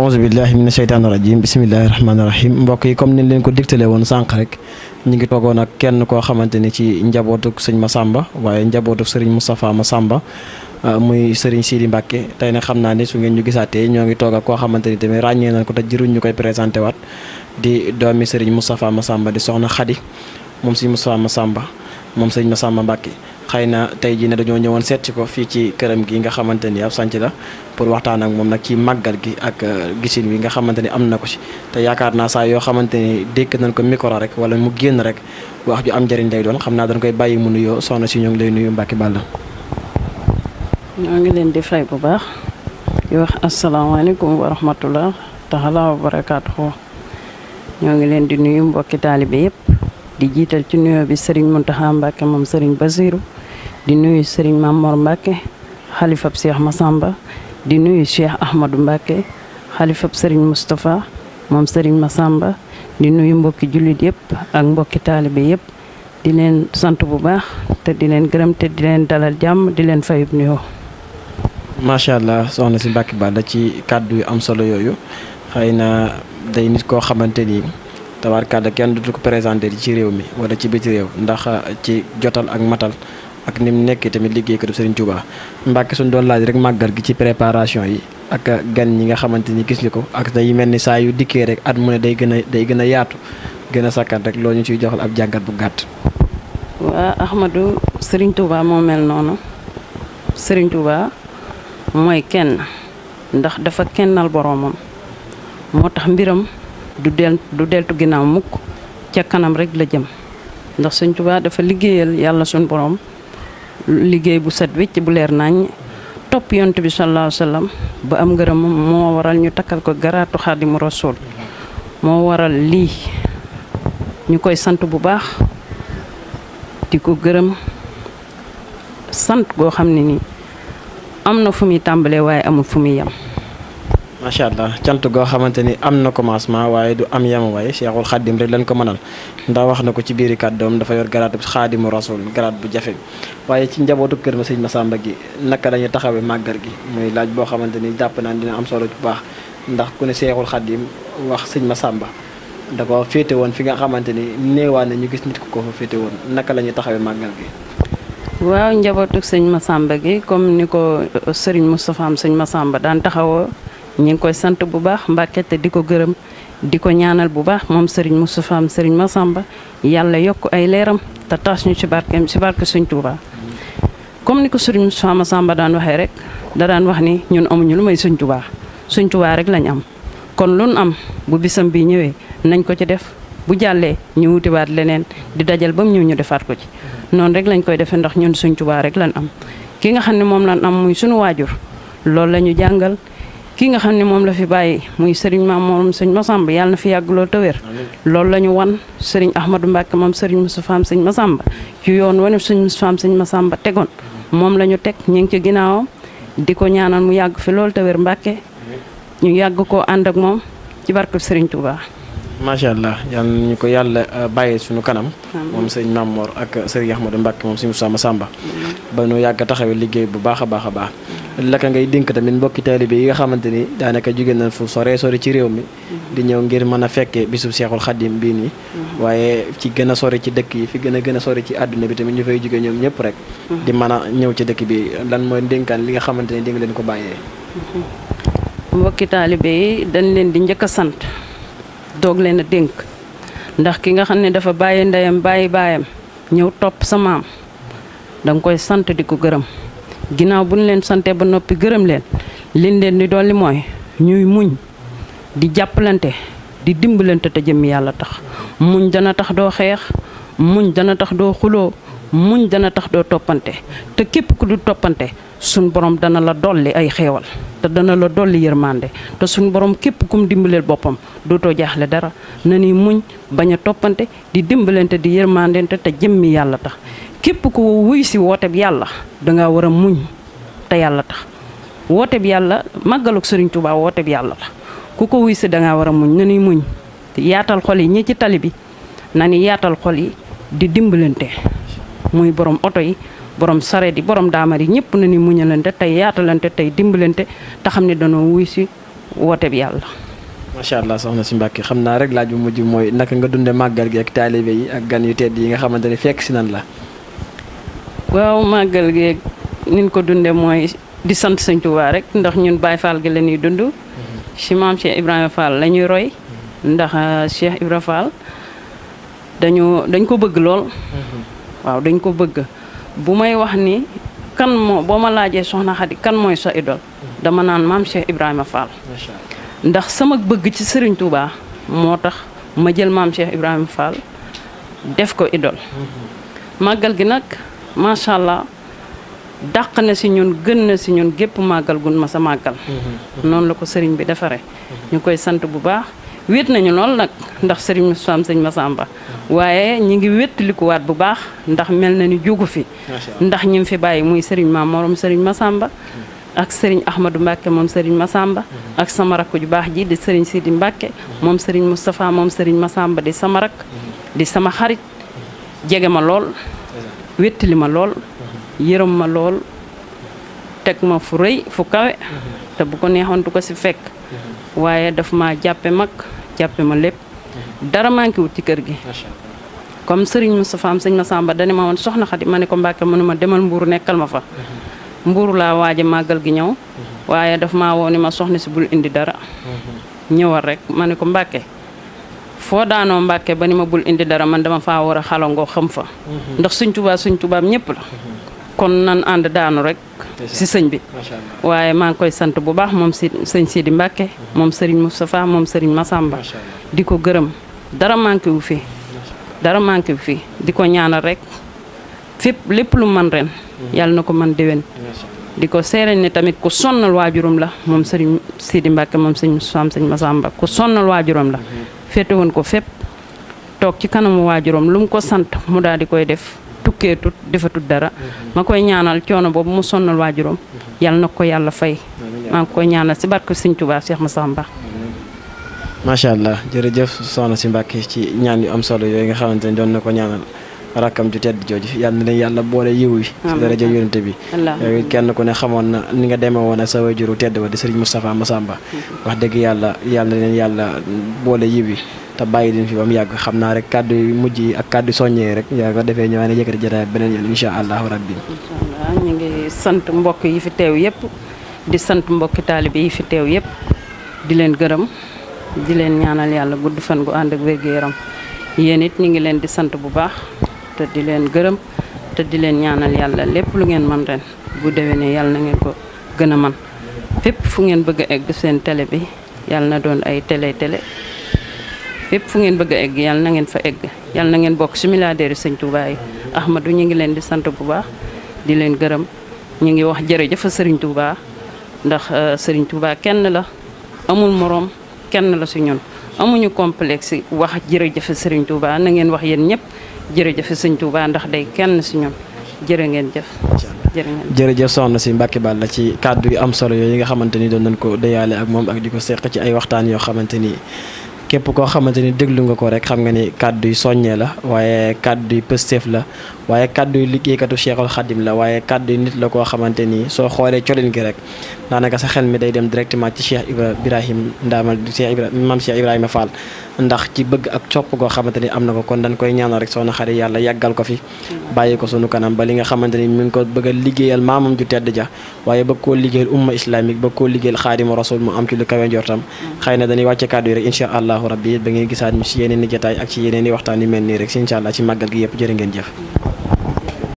auzu billahi mina sheytaani rajim bisimillahi rahmaani rahim mbokk yi comme ni leen ko digtale woon sànq rek ñu ngi toogoon ak kenn koo xamante ni ci njabootuk sëñ Massamba waaye njabootuk sëriñ Moustapha Massamba ah, muy sëriñ Sidi Mbacke tey nag xam naa ni su ngeen ñu gisaatee ñoo ngi toog ak koo xamante ni tamit ràññee nañ ko te ñu koy présenté waat di doomi sëriñ Moustapha Massamba di soxna Xadi moom sëñ ma sàmba moom sëñ Massamba Mbacke xëy na tey jii ne dañoo ñëwoon seet ko fii ci këram gi nga xamante ni ab sànc la pour waxtaan ak nag ci màggal gi ak euh, gisin wi nga xamante ni am na ko si te yaakaar saa yoo xamante ni dékk nañ ko micro rek wala mu génn rek wax ju am njëriñ lay doon xam naa dañ koy bàyyi mu nuyoo soxna si ñoo ngi lay nuyu Mbacke Balla. ñoo ngi leen di fay wax asalaamaaleykum wa rahmatulah taala wa barakaatuhu ngi leen di nuyu mbokki taalibe yëpp di jiital ci nuyoo bi Serigne Mountakha Mbacke moom Serigne Basirou. di nuyu sëriñ Mamor Mbacke xalifab Cheikh Massamba di nuyu Cheikh Ahmadou Mbacke xalifab sëriñ Moustapha moom sëriñ Massamba di nuyu mbokki jullit yëpp ak mbokki taalibe yëpp di leen sant bu baax te di leen gërëm te di leen dalal jàmm di leen fayub nuyoo. macha allah soxna si Mbacke Balla ci kàddu yu am solo yooyu xëy na day nit koo xamante ni. tabaar kàdda kenn dootu ko présenté ci réew mi wala ci biti réew ndax ci jotal ak matal ak ni mu nekkee tamit liggéeykatu Serigne Touba Mbacke suñ doon laaj rek màggal gi ci préparation yi ak gan ñi nga xamante ni gis nga ko ak day mel ni saa yu dikkee rek at mu ne day gën a day gën a yaatu gën a sakkan rek loo ñu ciy joxal ab jàngat bu gàtt. waa Ahmadou Serigne Touba moo mel noonu Serigne mooy kenn ndax dafa kennal boroomam moo tax mbiram du del du deltu ginnaaw mukk ca kanam rek la jëm. ndax sëñ Tuubaa dafa liggéeyal yàlla suñ borom liggéey bu set wicc bu leer nañ topp yont bi sallallahu alayhi ba am ngërëm moo waral ñu takkal ko garaatu xaadimu rasul moo waral lii ñu koy sant bu baax di ko gërëm sant goo xam ne nii am na fu muy tàmbalee waaye amul fu muy yem macha allah cant goo xamante ni am na commencement waaye du am yamawaay Cheikhul Khadim rek lañ ko mënal ndax wax na ko ci biiri kàddoom dafa yor garaatu xaadimu rasul garaat bu jafe waaye ci njabootu gi naka dañu taxawee màggal ni jàpp naan dina am solo bu baax ndax ku ne Cheikhul Khadim wax sëñ Massamba da ko féete woon fi nga xamante ni néewaan na ñu gis nit ko fa féete woon naka la ñuy taxawee màggal gi. waaw njabootu sëñ Massamba gi comme ni ko sëriñ Moustapha am sëñ Massamba daan taxawoo ñu ngi koy sant bu baax Mbàkke te di ko gërëm di ko ñaanal bu baax moom Serigne Moustapha am ma sàmba yàlla yokk ay leeram te taas ñu ci barkeem ci barke Sëñ comme ni ko Serigne Moustapha sàmba daan waxee rek da daan wax ni ñun amuñu lu may Sëñ Tuuba Sëñ Tuuba rek lañ am kon lu am bu bisam bi ñëwee nañ ko ci def bu jàllee ñu wutiwaat leneen di dajal ba mu ñëw ñu defaat ko ci noonu rek lañ koy defee ndax ñun Sëñ Tuuba rek lañ am ki nga xam ne moom lañ am muy suñu waajur kii nga xam ne moom la fi bàyyi muy sëriñ maam moom sëñ Masamba yàlla na fi yàgg lool te wér loolu la ñu wan sëriñ ahmadu Mbacke moom sëriñ Moustapha am sëñ Masamba ci yoon wane sëñ Moustapha am sëñ Masamba tegoon moom la ñu teg ñu ngi ci ginnaawam di ko ñaanal mu yàgg fi loolu te wér ñu yàgg koo ànd ak moom ci barkeb sëriñ Touba. Masya allah yang ñu ko yàlla eh, bàyyi suñu kanam moom sëñ Mamor ak sëriñ Ahmadou Mbacke moom suñu Sama Samba ba ñu yàgg ya a liggéey bu baax a baax a baax laka ngay dénk tamit mbokki taalibe yi nga xamante fu sore sore ci réew mi di ñëw ngir mën a fekkee bisub ci sore ci dëkk yi fi sore ci àdduna bi tamit ñu fay jóge ñoom ñëpp rek di mën a ci dëkk bi lan mooy ndénkaan li nga xamante di nga leen ko bàyyee mbokki yi dañ leen di doog leen a dénk ndax ki nga xam ne dafa bàyyi ndeyam bàyyi baayam ñëw topp sa maam danga koy sant di ko gërëm ginnaaw bu ñu leen sante ba noppi gërëm leen liñ leen di dolli mooy ñuy muñ di jàppalante di dimbalante te jëm yàlla tax muñ dana tax doo xeex muñ dana tax doo xuloo muñ dana tax doo toppante te képp ku du toppante suñ borom dana la dolli ay xéewal te dana la dolli yërmande te suñ borom képp kum dimbaleel boppam dootoo jaaxle dara na ni muñ bañ a toppante di dimbalante di yërmandente te jëmmi yàlla tax képp ku wuy si wooteeb yàlla danga war a muñ te yàlla tax wooteeb yàlla màggaluk Sëriñ Tuubaa wooteeb yàlla la ku ko wuy si danga war a muñ na ni muñ yaatal xol yi ñi ci tali bi na ni yaatal xol yi di dimbalante muy borom oto yi borom sare di borom daamar yi ñepp na ni muñalante tay yaatalante tay dimbalante ta xam ne wuy ci wote bi ma sha allah soxna ci mbacke xamna rek laaj bu mujj mooy naka nga dunde magal gi ak talibé yi ak gan yu tedd yi nga xamanteni fekk ci nan la waaw magal gi niñ ko dunde moy di sante señ touba rek ndax ñun bay fall gi lañuy dundu ci mam Cheikh Ibrahima Fall lañuy roy ndax ah, Cheikh Ibrahima Fall dañu dañ ko bëgg lool mhm. waaw dañ ko bëgg bu may wax ni kan moo boo ma laajee soxna Xadi kan mooy sa idol dama naan maam Cheikh Ibrahima Fall ndax sama bëgg ci Serigne Touba moo tax ma jël maam Cheikh Ibrahima Fall def ko idol mm-hmm. màggal gi nag macha allah dàq na si ñun gën na si ñun gépp màggal gun ma sa màggal mm-hmm. Mm-hmm. noonu la ko sëriñ bi defaree ñu koy sant bu baax wéet nañu lool nag ndax sëriñ Moussa am sëñ Massamba waaye ñi ngi wéttalikuwaat bu baax ndax mel na ni jógu fi ndax ñi fi bàyyi muy sëriñ maam morom sëriñ Massamba mm. ak sëriñ Ahmadou Mbacke moom sëriñ Massamba mm. ak samarak ju baax ji di sëriñ Sidi Mbacke mm. moom sëriñ Moustapha moom sëriñ Massamba di samarak di sama xarit jege ma lool li ma lool yërëm ma lool teg ma fu rëy fu kawe te bu ko neexoon du ko si fekk waaye dafa ma jàppe mag jàppe ma lépp dara manqué wut ci kër gi comme sëriñ Moustapha am ma sàmba dani ma woon soxna Xadi ma ne ko Mbàkke mënu ma demal mbuur nekkal ma fa mbuur laa waaje màggal gi ñëw waaye daf ma woo ni ma soxna si bul indi dara ñëwal rek ma ne ko Mbàkke foo daanoo Mbàkke ba ni ma bul indi dara man dama faa war a xalangoo xam fa ndax suñ tubaab suñ tubaab ñëpp la kon nan ànd daanu rek si sëñ bi waaye maa ngi koy sant bu baax moom si sëñ Sidi Mbàkke mhm. moom sëriñ Moustapha moom sëriñ Massamba di ko gërëm dara manqué wu fi dara manqué wu fi di ko ñaanal rek fépp lépp lu man ren mhm. yàlla na ko man déwén di ko seere ne tamit ku sonnal waajuram la moom sëriñ Sidi Mbàkke moom sëñ Moustapha sëñ Massamba ku sonnal waajuram la mhm. féete woon ko fépp toog ci kanamu waajuram lu mu ko sant mu daal di koy def tukkeetut defatut dara mhm. ma koy ñaanal coono boobu mu sonnal waajuram mhm. yàlla na ko yàlla fay maa ngi koy ñaanal si barke Sëñ Tuubaa Cheikh Moussa Mba macha jërëjëf soxna si Mbàkke ci ñaan yu am solo yooyu nga xamante ne doon na ko ñaanal rakkam ju tedd jooju yal na yàlla boole yiw wi ci daraja yonent bi kenn ku ne xamoon na ni nga demee woon ak sa wajuru tedd wa di mhm. yàlla boole yiw wi te bàyyi leen fi ba mu yàgg xam naa rek kàddu yu mujj yi ak kàddu soññee rek yaa ko defee ñëwaat ne yëkkati jotaay beneen yoon incha allahu rabbi. ngi sant mbokk yi fi teew yëpp di sant mbokki taalibe yi fi teew yëpp di leen gërëm di leen ñaanal yàlla gudd fan gu ànd ak wér-gu-yaram yéen it ñu ngi leen di sant bu baax te di leen gërëm te di leen ñaanal yàlla lépp lu ngeen man ren bu déwénee yàlla na ngeen ko gën a man fépp fu ngeen bëgg a egg seen télé bi yàlla fépp fu ngeen bëgg egg yalla na ngeen fa egg yalla na ngeen bok si milliardaire sëñ Touba yi Ahmadou ñi ngi leen di sant bu baax di leen gëreem ñi ngi wax jërëjëf sëriñ Touba ndax euh, sëriñ Touba kenn la amul morom kenn la su ñun amuñu complexe wax jërëjëf sëriñ Touba na ngeen wax ñep ñëpp jërëjëf sëñ Touba ndax day kenn si ñun jërë ngeen jëf. soxna si Mbacke Balla ci yu am solo yi nga xamanteni doon nañ ko deyalé ak mom ak di ko ci ay waxtaan yo xamanteni képp ko xamanteni deglu nga ko rek xam nga ni kaddu yu soññee la waaye kaddu yu pësteef la waaye kàddu yu liggéeykatu Cheikhul Khadim la waaye kaddu nit la ko xamanteni so soo xoolee gi rek daanaka sa xel mi day dem directement ci Cheikh Ibrahim ndamal Cheikh Ibrahim mam Cheikh ibrahim Fall ndax ci bëgg ak ciop go xamanteni amna ko kon dañ koy ñaanal rek soxna xari yalla yagal ko fi bàyyi ko sunu kanam ba li nga xamanteni mi ngi ko bëgg liggéeyal ju tedd ja ba ko liggéeyal umma islamique ba ko liggéeyal khadim Rasul mu am ci lu kawe jortam mm. xëy na dañuy wàcce rek inshallah allah allahu rabbi da ngeen gisaat ñu si yeneen i jataay ak ci yeneen i waxtaan yu mel nii rek si ci màggal gi yëpp jërë ngeen